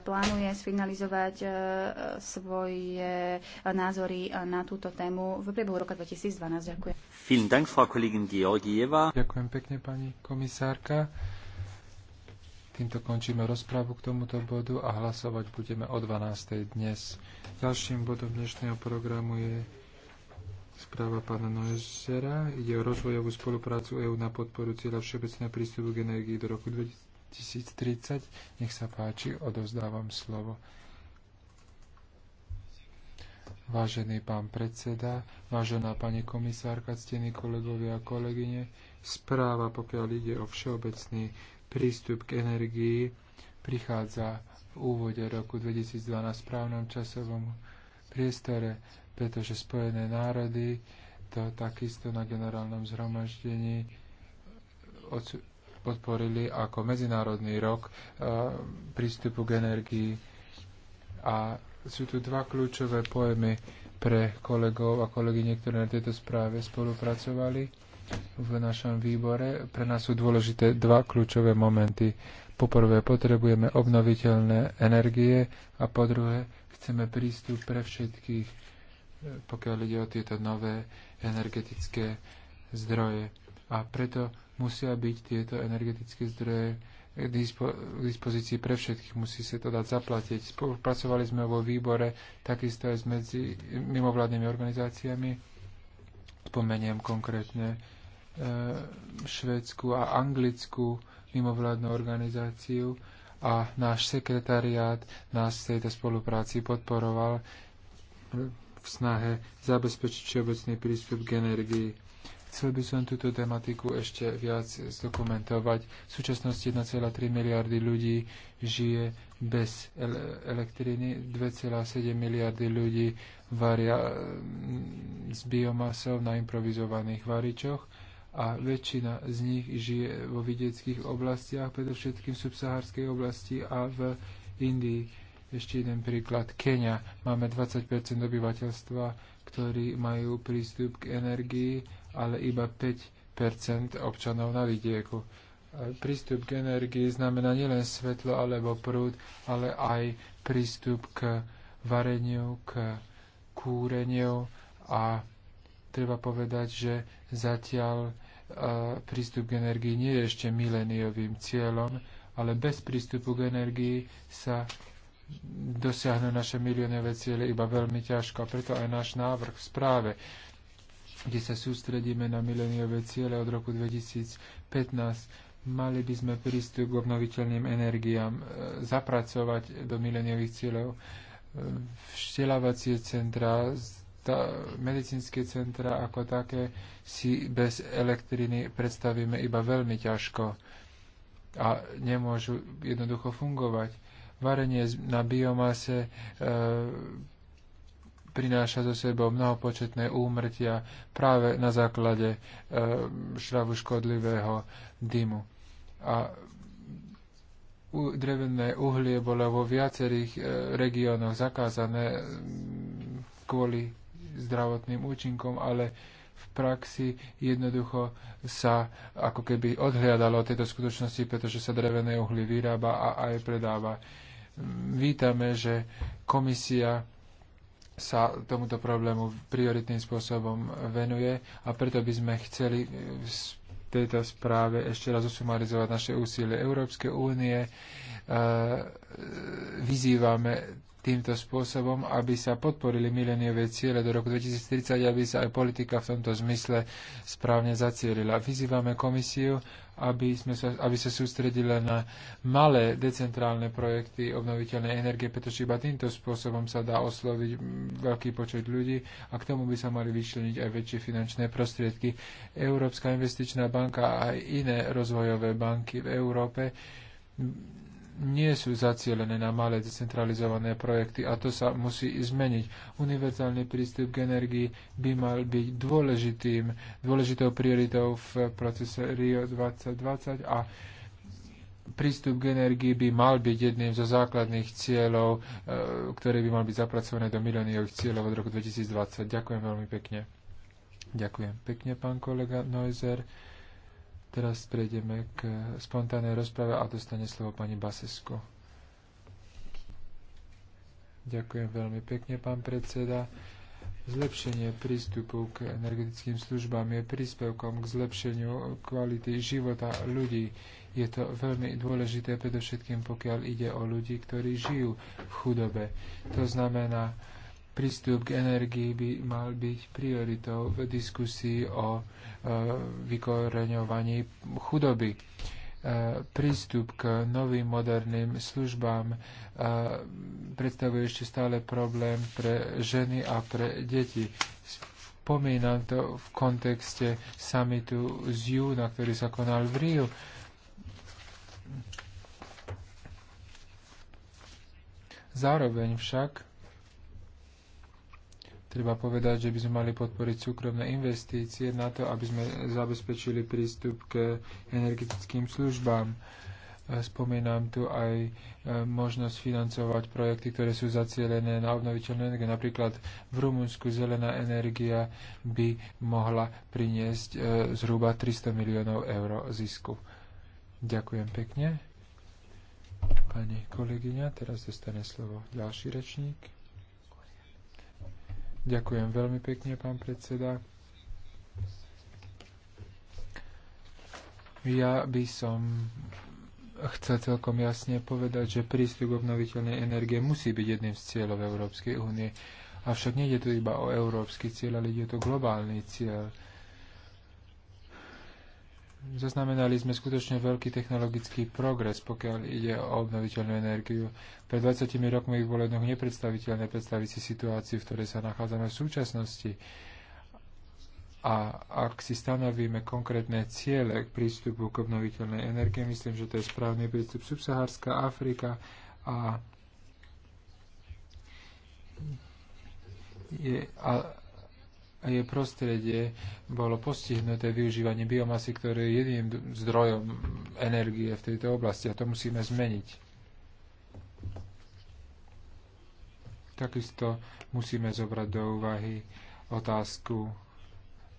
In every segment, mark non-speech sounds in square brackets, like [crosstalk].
plánuje sfinalizovať e, svoje názory na túto tému v priebehu roka 2012. Ďakujem. Ďakujem pekne, pani komisárka. Týmto končíme rozprávu k tomuto bodu a hlasovať budeme o 12. dnes. Ďalším bodom dnešného programu je správa pána Noezera. Ide o rozvojovú spoluprácu EÚ na podporu cieľa všeobecného prístupu k energii do roku 2020. 2030. Nech sa páči, odozdávam slovo. Vážený pán predseda, vážená pani komisárka, ctení kolegovia a kolegyne, správa, pokiaľ ide o všeobecný prístup k energii, prichádza v úvode roku 2012 v správnom časovom priestore, pretože Spojené národy to takisto na generálnom zhromaždení podporili ako Medzinárodný rok e, prístupu k energii. A sú tu dva kľúčové pojmy pre kolegov a kolegyne, ktoré na tejto správe spolupracovali v našom výbore. Pre nás sú dôležité dva kľúčové momenty. Poprvé, potrebujeme obnoviteľné energie a po druhé, chceme prístup pre všetkých, e, pokiaľ ide o tieto nové energetické zdroje. A preto musia byť tieto energetické zdroje k dispozícii pre všetkých, musí sa to dať zaplatiť. Spolupracovali sme vo výbore takisto aj s medzi mimovládnymi organizáciami. Spomeniem konkrétne e, a anglickú mimovládnu organizáciu a náš sekretariát nás v tejto spolupráci podporoval v snahe zabezpečiť všeobecný prístup k energii. Chcel by som túto tematiku ešte viac zdokumentovať. V súčasnosti 1,3 miliardy ľudí žije bez elektriny, 2,7 miliardy ľudí varia mm, s biomasou na improvizovaných varičoch a väčšina z nich žije vo vidieckých oblastiach, predovšetkým v subsahárskej oblasti a v Indii. Ešte jeden príklad. Kenia. Máme 20 obyvateľstva ktorí majú prístup k energii, ale iba 5 občanov na vidieku. Prístup k energii znamená nielen svetlo alebo prúd, ale aj prístup k vareniu, k kúreniu a treba povedať, že zatiaľ e, prístup k energii nie je ešte mileniovým cieľom, ale bez prístupu k energii sa dosiahnu naše miliónové ciele iba veľmi ťažko. A preto aj náš návrh v správe, kde sa sústredíme na miliónové ciele od roku 2015, mali by sme prístup k obnoviteľným energiám e, zapracovať do mileniových cieľov e, vzdelávacie centra, medicínske centra ako také si bez elektriny predstavíme iba veľmi ťažko a nemôžu jednoducho fungovať. Varenie na biomase e, prináša so sebou mnohopočetné úmrtia práve na základe e, šravu škodlivého dymu. A drevené uhlie bolo vo viacerých e, regiónoch zakázané kvôli zdravotným účinkom, ale v praxi jednoducho sa ako keby odhliadalo tieto skutočnosti, pretože sa drevené uhlie vyrába a aj predáva vítame, že komisia sa tomuto problému prioritným spôsobom venuje a preto by sme chceli v e, tejto správe ešte raz usumarizovať naše úsilie Európskej únie. E, e, vyzývame týmto spôsobom, aby sa podporili mileniové ciele do roku 2030, aby sa aj politika v tomto zmysle správne zacielila. Vyzývame komisiu, aby, sme sa, aby sa sústredila na malé decentrálne projekty obnoviteľnej energie, pretože iba týmto spôsobom sa dá osloviť veľký počet ľudí a k tomu by sa mali vyčleniť aj väčšie finančné prostriedky. Európska investičná banka a aj iné rozvojové banky v Európe nie sú zacielené na malé decentralizované projekty a to sa musí zmeniť. Univerzálny prístup k energii by mal byť dôležitým, dôležitou prioritou v procese Rio 2020 a prístup k energii by mal byť jedným zo základných cieľov, e, ktoré by mal byť zapracované do mileniových cieľov od roku 2020. Ďakujem veľmi pekne. Ďakujem pekne, pán kolega Neuser. Teraz prejdeme k spontánnej rozprave a dostane slovo pani Basesko. Ďakujem veľmi pekne, pán predseda. Zlepšenie prístupu k energetickým službám je príspevkom k zlepšeniu kvality života ľudí. Je to veľmi dôležité, predovšetkým pokiaľ ide o ľudí, ktorí žijú v chudobe. To znamená, prístup k energii by mal byť prioritou v diskusii o e, vykoreňovaní chudoby. E, prístup k novým moderným službám e, predstavuje ešte stále problém pre ženy a pre deti. Spomínam to v kontexte samitu z júna, ktorý sa konal v Riu. Zároveň však Treba povedať, že by sme mali podporiť súkromné investície na to, aby sme zabezpečili prístup k energetickým službám. E, spomínam tu aj e, možnosť financovať projekty, ktoré sú zacielené na obnoviteľnú energiu. Napríklad v Rumunsku zelená energia by mohla priniesť e, zhruba 300 miliónov eur zisku. Ďakujem pekne. Pani kolegyňa, teraz dostane slovo ďalší rečník. Ďakujem veľmi pekne, pán predseda. Ja by som chcel celkom jasne povedať, že prístup k obnoviteľnej energie musí byť jedným z cieľov Európskej únie. Avšak nie je tu iba o európsky cieľ, ale je to globálny cieľ. Zaznamenali sme skutočne veľký technologický progres, pokiaľ ide o obnoviteľnú energiu. Pred 20 rokmi ich bolo jednoducho nepredstaviteľné predstaviť si situáciu, v ktorej sa nachádzame v súčasnosti. A ak si stanovíme konkrétne ciele k prístupu k obnoviteľnej energie, myslím, že to je správny prístup subsahárska Afrika a, je, a a jej prostredie bolo postihnuté využívanie biomasy, ktoré je jediným zdrojom energie v tejto oblasti a to musíme zmeniť. Takisto musíme zobrať do úvahy otázku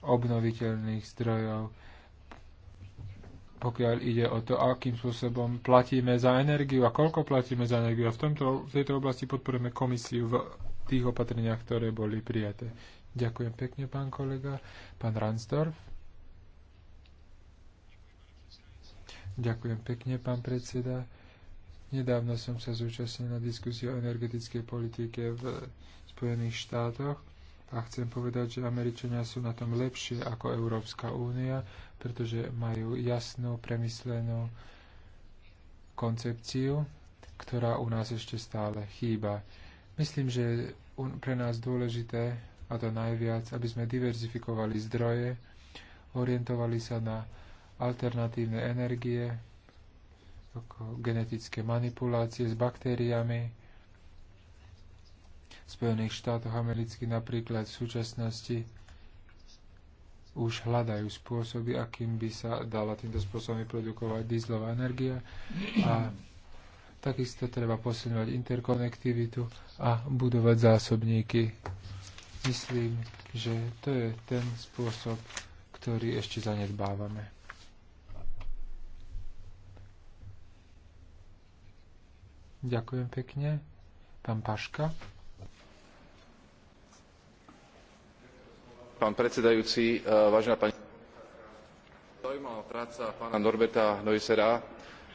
obnoviteľných zdrojov, pokiaľ ide o to, akým spôsobom platíme za energiu a koľko platíme za energiu. A v, tomto, v tejto oblasti podporujeme komisiu v tých opatreniach, ktoré boli prijaté. Ďakujem pekne, pán kolega. Pán Ransdorf. Ďakujem pekne, pán predseda. Nedávno som sa zúčastnil na diskusii o energetickej politike v Spojených štátoch a chcem povedať, že Američania sú na tom lepšie ako Európska únia, pretože majú jasnú, premyslenú koncepciu, ktorá u nás ešte stále chýba. Myslím, že pre nás dôležité a to najviac, aby sme diverzifikovali zdroje, orientovali sa na alternatívne energie, ako genetické manipulácie s baktériami. V Spojených štátoch amerických napríklad v súčasnosti už hľadajú spôsoby, akým by sa dala týmto spôsobom produkovať dízlová energia a takisto treba posilňovať interkonektivitu a budovať zásobníky Myslím, že to je ten spôsob, ktorý ešte zanedbávame. Ďakujem pekne. Pán Paška. Pán predsedajúci, e, vážená pani zaujímavá práca pána Norberta Neusera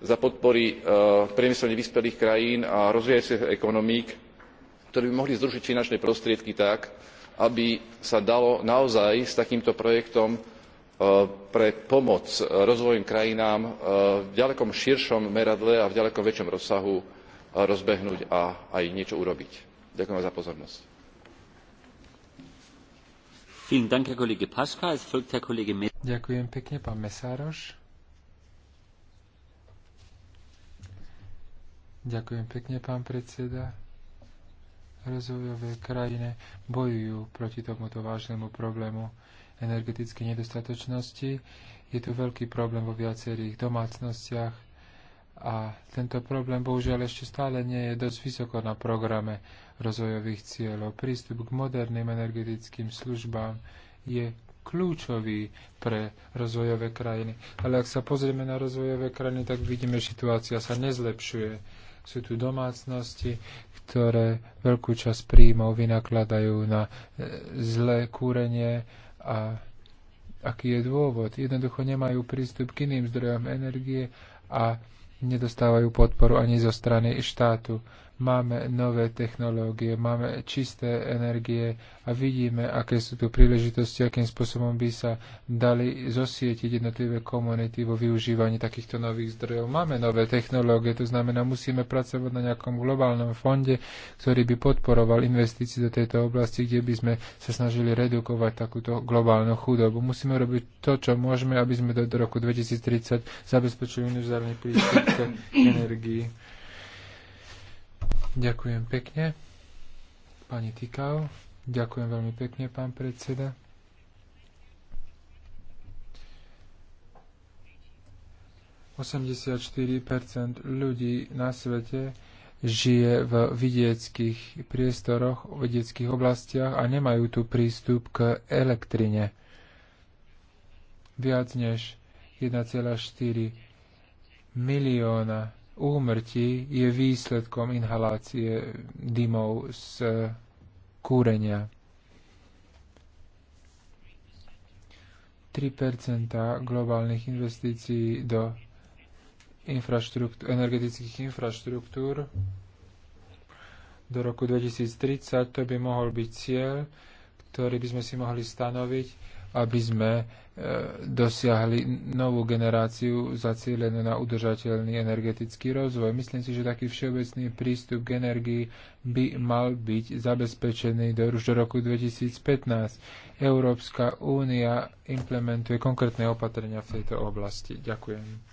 za podpory e, priemyselne vyspelých krajín a rozvíjajúcich sa ekonomík ktoré by mohli združiť finančné prostriedky tak aby sa dalo naozaj s takýmto projektom e, pre pomoc rozvojovým krajinám e, v ďaleko širšom meradle a v ďaleko väčšom rozsahu rozbehnúť a aj niečo urobiť. ďakujem vám za pozornosť. Ďakujem pekne, Ďakujem pekne, pán predseda. Rozvojové krajiny bojujú proti tomuto vážnemu problému energetickej nedostatočnosti. Je tu veľký problém vo viacerých domácnostiach a tento problém bohužiaľ ešte stále nie je dosť vysoko na programe rozvojových cieľov. Prístup k moderným energetickým službám je kľúčový pre rozvojové krajiny. Ale ak sa pozrieme na rozvojové krajiny, tak vidíme, že situácia sa nezlepšuje. Sú tu domácnosti, ktoré veľkú časť príjmov vynakladajú na e, zlé kúrenie a aký je dôvod. Jednoducho nemajú prístup k iným zdrojom energie a nedostávajú podporu ani zo strany štátu máme nové technológie, máme čisté energie a vidíme, aké sú tu príležitosti, akým spôsobom by sa dali zosietiť jednotlivé komunity vo využívaní takýchto nových zdrojov. Máme nové technológie, to znamená, musíme pracovať na nejakom globálnom fonde, ktorý by podporoval investície do tejto oblasti, kde by sme sa snažili redukovať takúto globálnu chudobu. Musíme robiť to, čo môžeme, aby sme do roku 2030 zabezpečili univerzálny prístup k [coughs] energii. Ďakujem pekne. Pani Tikau, ďakujem veľmi pekne, pán predseda. percent ľudí na svete žije v vidieckých priestoroch, v vidieckých oblastiach a nemajú tu prístup k elektrine. Viac než 1,4 milióna úmrtí je výsledkom inhalácie dymov z kúrenia. 3 globálnych investícií do infraštruktúr, energetických infraštruktúr do roku 2030. To by mohol byť cieľ, ktorý by sme si mohli stanoviť aby sme e, dosiahli novú generáciu zacielenú na udržateľný energetický rozvoj. Myslím si, že taký všeobecný prístup k energii by mal byť zabezpečený do, už do roku 2015. Európska únia implementuje konkrétne opatrenia v tejto oblasti. Ďakujem.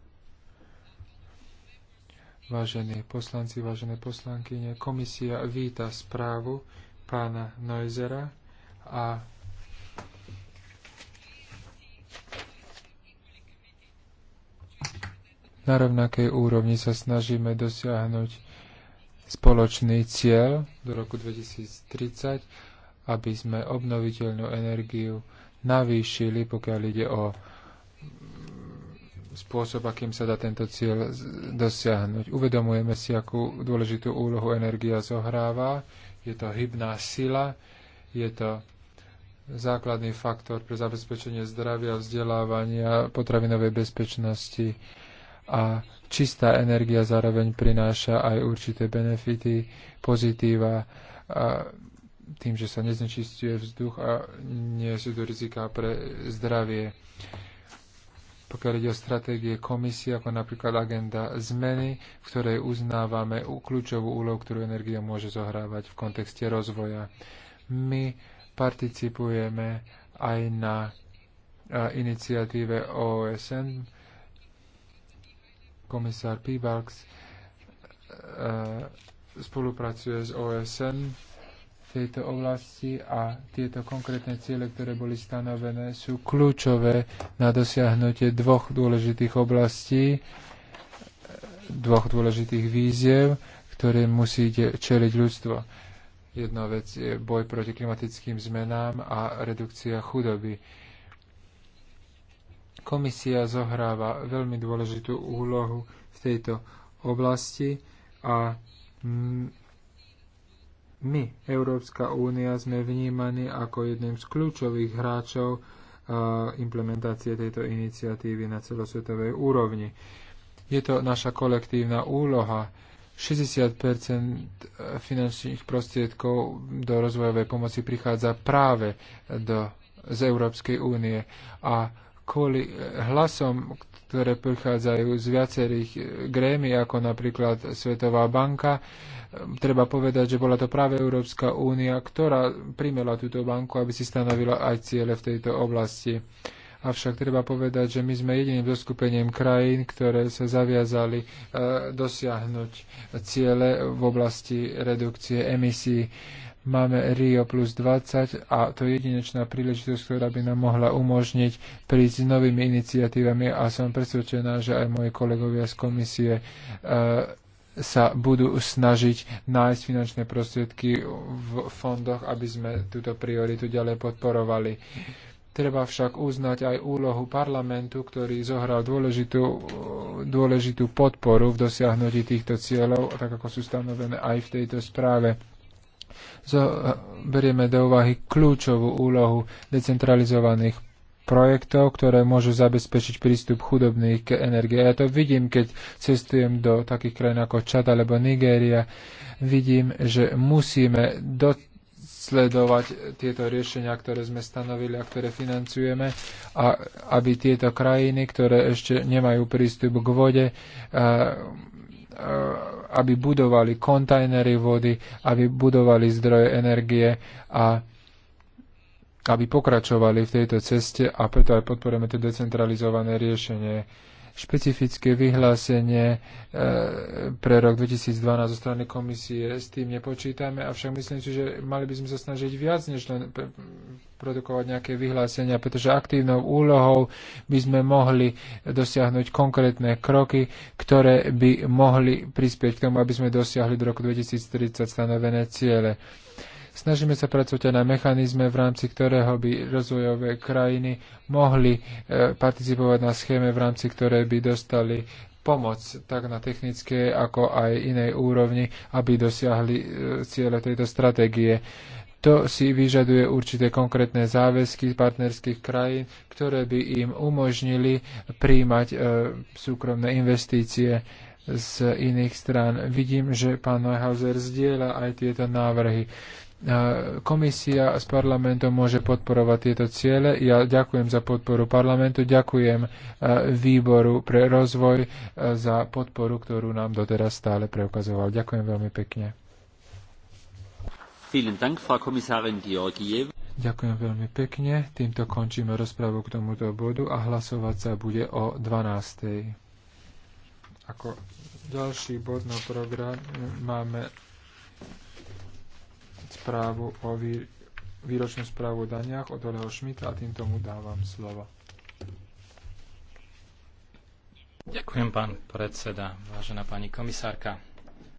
Vážení poslanci, vážené poslankyne, komisia víta správu pána Neuzera a na rovnakej úrovni sa snažíme dosiahnuť spoločný cieľ do roku 2030, aby sme obnoviteľnú energiu navýšili, pokiaľ ide o spôsob, akým sa dá tento cieľ dosiahnuť. Uvedomujeme si, akú dôležitú úlohu energia zohráva. Je to hybná sila, je to základný faktor pre zabezpečenie zdravia, vzdelávania, potravinovej bezpečnosti a čistá energia zároveň prináša aj určité benefity, pozitíva a tým, že sa neznečistuje vzduch a nie sú to riziká pre zdravie pokiaľ ide o stratégie komisie, ako napríklad agenda zmeny, v ktorej uznávame kľúčovú úlohu, ktorú energia môže zohrávať v kontexte rozvoja. My participujeme aj na iniciatíve OSN. Komisár Pibalks spolupracuje s OSN tejto oblasti a tieto konkrétne ciele, ktoré boli stanovené, sú kľúčové na dosiahnutie dvoch dôležitých oblastí, dvoch dôležitých víziev, ktoré musí čeliť ľudstvo. Jedna vec je boj proti klimatickým zmenám a redukcia chudoby. Komisia zohráva veľmi dôležitú úlohu v tejto oblasti a my, Európska únia, sme vnímaní ako jedným z kľúčových hráčov implementácie tejto iniciatívy na celosvetovej úrovni. Je to naša kolektívna úloha. 60 finančných prostriedkov do rozvojovej pomoci prichádza práve do, z Európskej únie a kvôli hlasom, ktoré prichádzajú z viacerých e, grémy, ako napríklad Svetová banka. Ehm, treba povedať, že bola to práve Európska únia, ktorá primela túto banku, aby si stanovila aj ciele v tejto oblasti. Avšak treba povedať, že my sme jediným doskupením krajín, ktoré sa zaviazali e, dosiahnuť ciele v oblasti redukcie emisí máme Rio plus 20 a to je jedinečná príležitosť, ktorá by nám mohla umožniť prísť s novými iniciatívami a som presvedčená, že aj moji kolegovia z komisie e, sa budú snažiť nájsť finančné prostriedky v fondoch, aby sme túto prioritu ďalej podporovali. Treba však uznať aj úlohu parlamentu, ktorý zohral dôležitú, dôležitú podporu v dosiahnutí týchto cieľov, tak ako sú stanovené aj v tejto správe E, berieme do úvahy kľúčovú úlohu decentralizovaných projektov, ktoré môžu zabezpečiť prístup chudobných k energie. Ja to vidím, keď cestujem do takých krajín ako Čad alebo Nigéria. Vidím, že musíme dosledovať tieto riešenia, ktoré sme stanovili a ktoré financujeme a aby tieto krajiny, ktoré ešte nemajú prístup k vode, Eh, aby budovali kontajnery vody, aby budovali zdroje energie a aby pokračovali v tejto ceste a preto aj podporujeme to decentralizované riešenie špecifické vyhlásenie e, pre rok 2012 zo strany komisie. S tým nepočítame, avšak myslím si, že mali by sme sa snažiť viac než len produkovať nejaké vyhlásenia, pretože aktívnou úlohou by sme mohli dosiahnuť konkrétne kroky, ktoré by mohli prispieť k tomu, aby sme dosiahli do roku 2030 stanovené ciele. Snažíme sa pracovať aj na mechanizme, v rámci ktorého by rozvojové krajiny mohli e, participovať na schéme, v rámci ktorej by dostali pomoc tak na technickej ako aj inej úrovni, aby dosiahli e, ciele tejto stratégie. To si vyžaduje určité konkrétne záväzky partnerských krajín, ktoré by im umožnili príjmať e, súkromné investície z iných strán. Vidím, že pán Neuhauser zdieľa aj tieto návrhy komisia s parlamentom môže podporovať tieto ciele. Ja ďakujem za podporu parlamentu, ďakujem e, výboru pre rozvoj e, za podporu, ktorú nám doteraz stále preukazoval. Ďakujem veľmi pekne. Ďakujem veľmi pekne. Týmto končíme rozprávu k tomuto bodu a hlasovať sa bude o 12. Ako ďalší bod na program máme správu o výročnú správu o daniach od Oleho Šmita a týmto mu dávam slovo. Ďakujem, pán predseda, vážená pani komisárka.